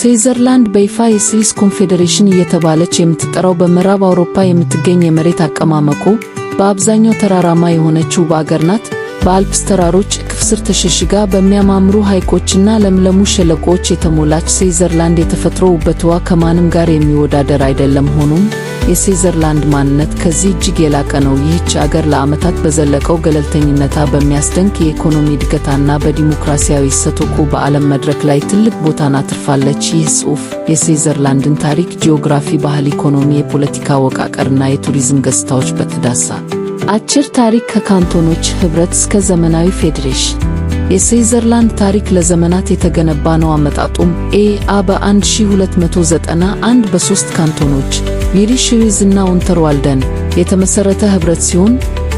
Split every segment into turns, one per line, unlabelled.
ስዊዘርላንድ በይፋ የስዊስ ኮንፌዴሬሽን እየተባለች የምትጠራው በምዕራብ አውሮፓ የምትገኝ የመሬት አቀማመቁ በአብዛኛው ተራራማ የሆነችው በአገር ናት። በአልፕስ ተራሮች እቅፍ ስር ተሸሽጋ በሚያማምሩ ሐይቆችና ለምለሙ ሸለቆዎች የተሞላች ስዊዘርላንድ የተፈጥሮ ውበትዋ ከማንም ጋር የሚወዳደር አይደለም። ሆኖም የስዊዘርላንድ ማንነት ከዚህ እጅግ የላቀ ነው። ይህች አገር ለዓመታት በዘለቀው ገለልተኝነታ በሚያስደንቅ የኢኮኖሚ እድገታና በዲሞክራሲያዊ ሰቶኮ በዓለም መድረክ ላይ ትልቅ ቦታን አትርፋለች። ይህ ጽሑፍ የስዊዘርላንድን ታሪክ፣ ጂኦግራፊ፣ ባህል፣ ኢኮኖሚ፣ የፖለቲካ አወቃቀርና የቱሪዝም ገጽታዎች በተዳሳ አጭር ታሪክ ከካንቶኖች ኅብረት እስከ ዘመናዊ ፌዴሬሽን የስዊዘርላንድ ታሪክ ለዘመናት የተገነባ ነው። አመጣጡም ኤ አ በ1291 በሶስት ካንቶኖች የሊሽሪዝ እና ኡንተርዋልደን የተመሠረተ ኅብረት ሲሆን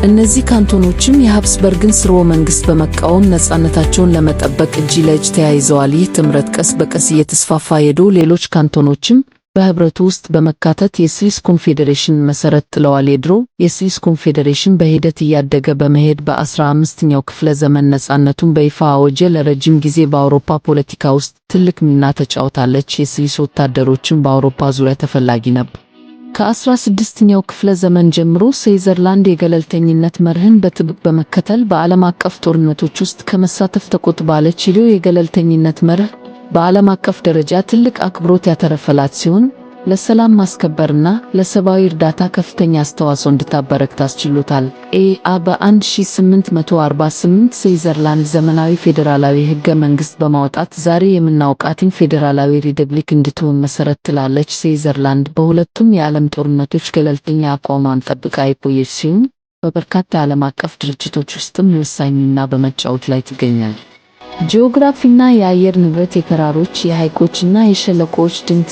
እነዚህ ካንቶኖችም የሀብስበርግን ሥርወ መንግሥት በመቃወም ነፃነታቸውን ለመጠበቅ እጅ ለእጅ ተያይዘዋል። ይህ ጥምረት ቀስ በቀስ እየተስፋፋ ሄዶ ሌሎች ካንቶኖችም በኅብረቱ ውስጥ በመካተት የስዊስ ኮንፌዴሬሽን መሠረት ጥለዋል። የድሮ የስዊስ ኮንፌዴሬሽን በሂደት እያደገ በመሄድ በ 15 ክፍለ ዘመን ነፃነቱን በይፋ አወጀ። ለረጅም ጊዜ በአውሮፓ ፖለቲካ ውስጥ ትልቅ ሚና ተጫውታለች። የስዊስ ወታደሮችም በአውሮፓ ዙሪያ ተፈላጊ ነበር። ከ16ኛው ክፍለ ዘመን ጀምሮ ስዊዘርላንድ የገለልተኝነት መርህን በጥብቅ በመከተል በዓለም አቀፍ ጦርነቶች ውስጥ ከመሳተፍ ተቆጥባለች። ይህ የገለልተኝነት መርህ በዓለም አቀፍ ደረጃ ትልቅ አክብሮት ያተረፈላት ሲሆን ለሰላም ማስከበርና ለሰብአዊ እርዳታ ከፍተኛ አስተዋጽኦ እንድታበረክ አስችሎታል። ኤአ በ1848 ስዊዘርላንድ ዘመናዊ ፌዴራላዊ ህገ መንግስት በማውጣት ዛሬ የምናውቃትን ፌዴራላዊ ሪፐብሊክ እንድትሆን መሰረት ትላለች። ስዊዘርላንድ በሁለቱም የዓለም ጦርነቶች ገለልተኛ አቋሟን ጠብቃ የቆየች ሲሆን በበርካታ የዓለም አቀፍ ድርጅቶች ውስጥም ወሳኝ ሚና በመጫወት ላይ ትገኛለች። ጂኦግራፊና የአየር ንብረት፣ የተራሮች፣ የሐይቆችና የሸለቆዎች ድንቅ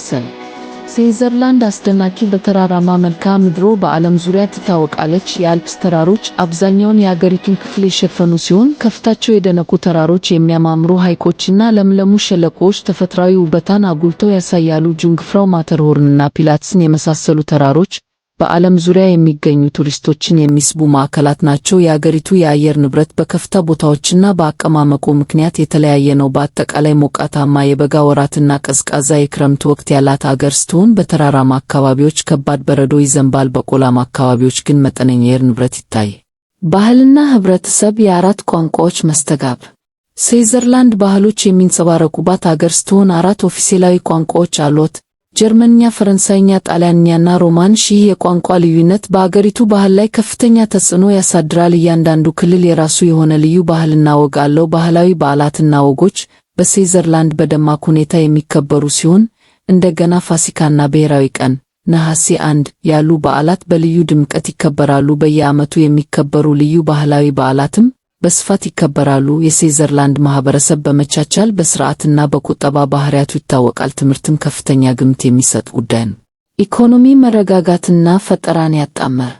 ስዊዘርላንድ አስደናቂ በተራራማ መልክዓ ምድሮ በዓለም ዙሪያ ትታወቃለች። የአልፕስ ተራሮች አብዛኛውን የአገሪቱን ክፍል የሸፈኑ ሲሆን ከፍታቸው የደነቁ ተራሮች፣ የሚያማምሩ ሐይቆችና ለምለሙ ሸለቆዎች ተፈጥሯዊ ውበታን አጉልተው ያሳያሉ። ጁንግፍራው ማተርሆርንና ፒላትስን የመሳሰሉ ተራሮች በዓለም ዙሪያ የሚገኙ ቱሪስቶችን የሚስቡ ማዕከላት ናቸው። የአገሪቱ የአየር ንብረት በከፍታ ቦታዎችና በአቀማመቁ ምክንያት የተለያየ ነው። በአጠቃላይ ሞቃታማ የበጋ ወራትና ቀዝቃዛ የክረምት ወቅት ያላት አገር ስትሆን በተራራማ አካባቢዎች ከባድ በረዶ ይዘንባል። በቆላማ አካባቢዎች ግን መጠነኛ የአየር ንብረት ይታይ። ባህልና ህብረተሰብ የአራት ቋንቋዎች መስተጋብ ስዊዘርላንድ ባህሎች የሚንጸባረቁባት አገር ስትሆን አራት ኦፊሴላዊ ቋንቋዎች አሏት። ጀርመንኛ፣ ፈረንሳይኛ፣ ጣሊያንኛና ሮማንሽ። ይህ የቋንቋ ልዩነት በአገሪቱ ባህል ላይ ከፍተኛ ተጽዕኖ ያሳድራል። እያንዳንዱ ክልል የራሱ የሆነ ልዩ ባህልና ወግ አለው። ባህላዊ በዓላትና ወጎች በስዊዘርላንድ በደማቅ ሁኔታ የሚከበሩ ሲሆን እንደገና ፋሲካና ብሔራዊ ቀን ነሐሴ አንድ ያሉ በዓላት በልዩ ድምቀት ይከበራሉ። በየዓመቱ የሚከበሩ ልዩ ባህላዊ በዓላትም በስፋት ይከበራሉ። የስዊዘርላንድ ማህበረሰብ በመቻቻል በስርዓትና በቁጠባ ባህሪያቱ ይታወቃል። ትምህርትም ከፍተኛ ግምት የሚሰጥ ጉዳይ ነው። ኢኮኖሚ መረጋጋትና ፈጠራን ያጣመረ።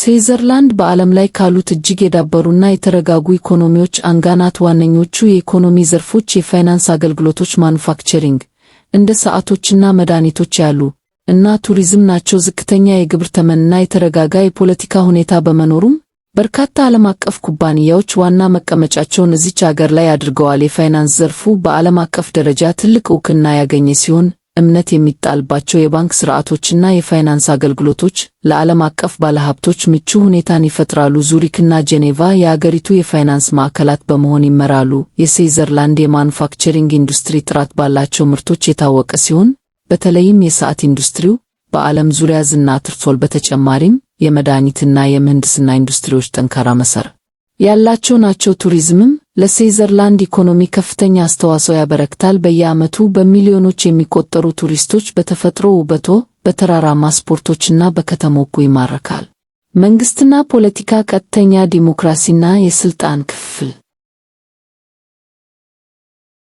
ስዊዘርላንድ በዓለም ላይ ካሉት እጅግ የዳበሩና የተረጋጉ ኢኮኖሚዎች አንጋናት ናት። ዋነኞቹ የኢኮኖሚ ዘርፎች የፋይናንስ አገልግሎቶች፣ ማኑፋክቸሪንግ እንደ ሰዓቶችና መድኃኒቶች ያሉ እና ቱሪዝም ናቸው። ዝቅተኛ የግብር ተመንና የተረጋጋ የፖለቲካ ሁኔታ በመኖሩም በርካታ ዓለም አቀፍ ኩባንያዎች ዋና መቀመጫቸውን እዚች አገር ላይ አድርገዋል። የፋይናንስ ዘርፉ በዓለም አቀፍ ደረጃ ትልቅ እውቅና ያገኘ ሲሆን እምነት የሚጣልባቸው የባንክ ስርዓቶችና የፋይናንስ አገልግሎቶች ለዓለም አቀፍ ባለሀብቶች ምቹ ሁኔታን ይፈጥራሉ። ዙሪክና ጄኔቫ የአገሪቱ የፋይናንስ ማዕከላት በመሆን ይመራሉ። የስዊዘርላንድ የማኑፋክቸሪንግ ኢንዱስትሪ ጥራት ባላቸው ምርቶች የታወቀ ሲሆን በተለይም የሰዓት ኢንዱስትሪው በዓለም ዙሪያ ዝና አትርፏል። በተጨማሪም የመድኃኒትና የምህንድስና ኢንዱስትሪዎች ጠንካራ መሰረት ያላቸው ናቸው። ቱሪዝምም ለስዊዘርላንድ ኢኮኖሚ ከፍተኛ አስተዋጽኦ ያበረክታል። በየዓመቱ በሚሊዮኖች የሚቆጠሩ ቱሪስቶች በተፈጥሮ ውበቶ፣ በተራራማ ስፖርቶችና በከተሞቹ ይማረካል። መንግስትና ፖለቲካ፣ ቀጥተኛ ዲሞክራሲና የስልጣን ክፍፍል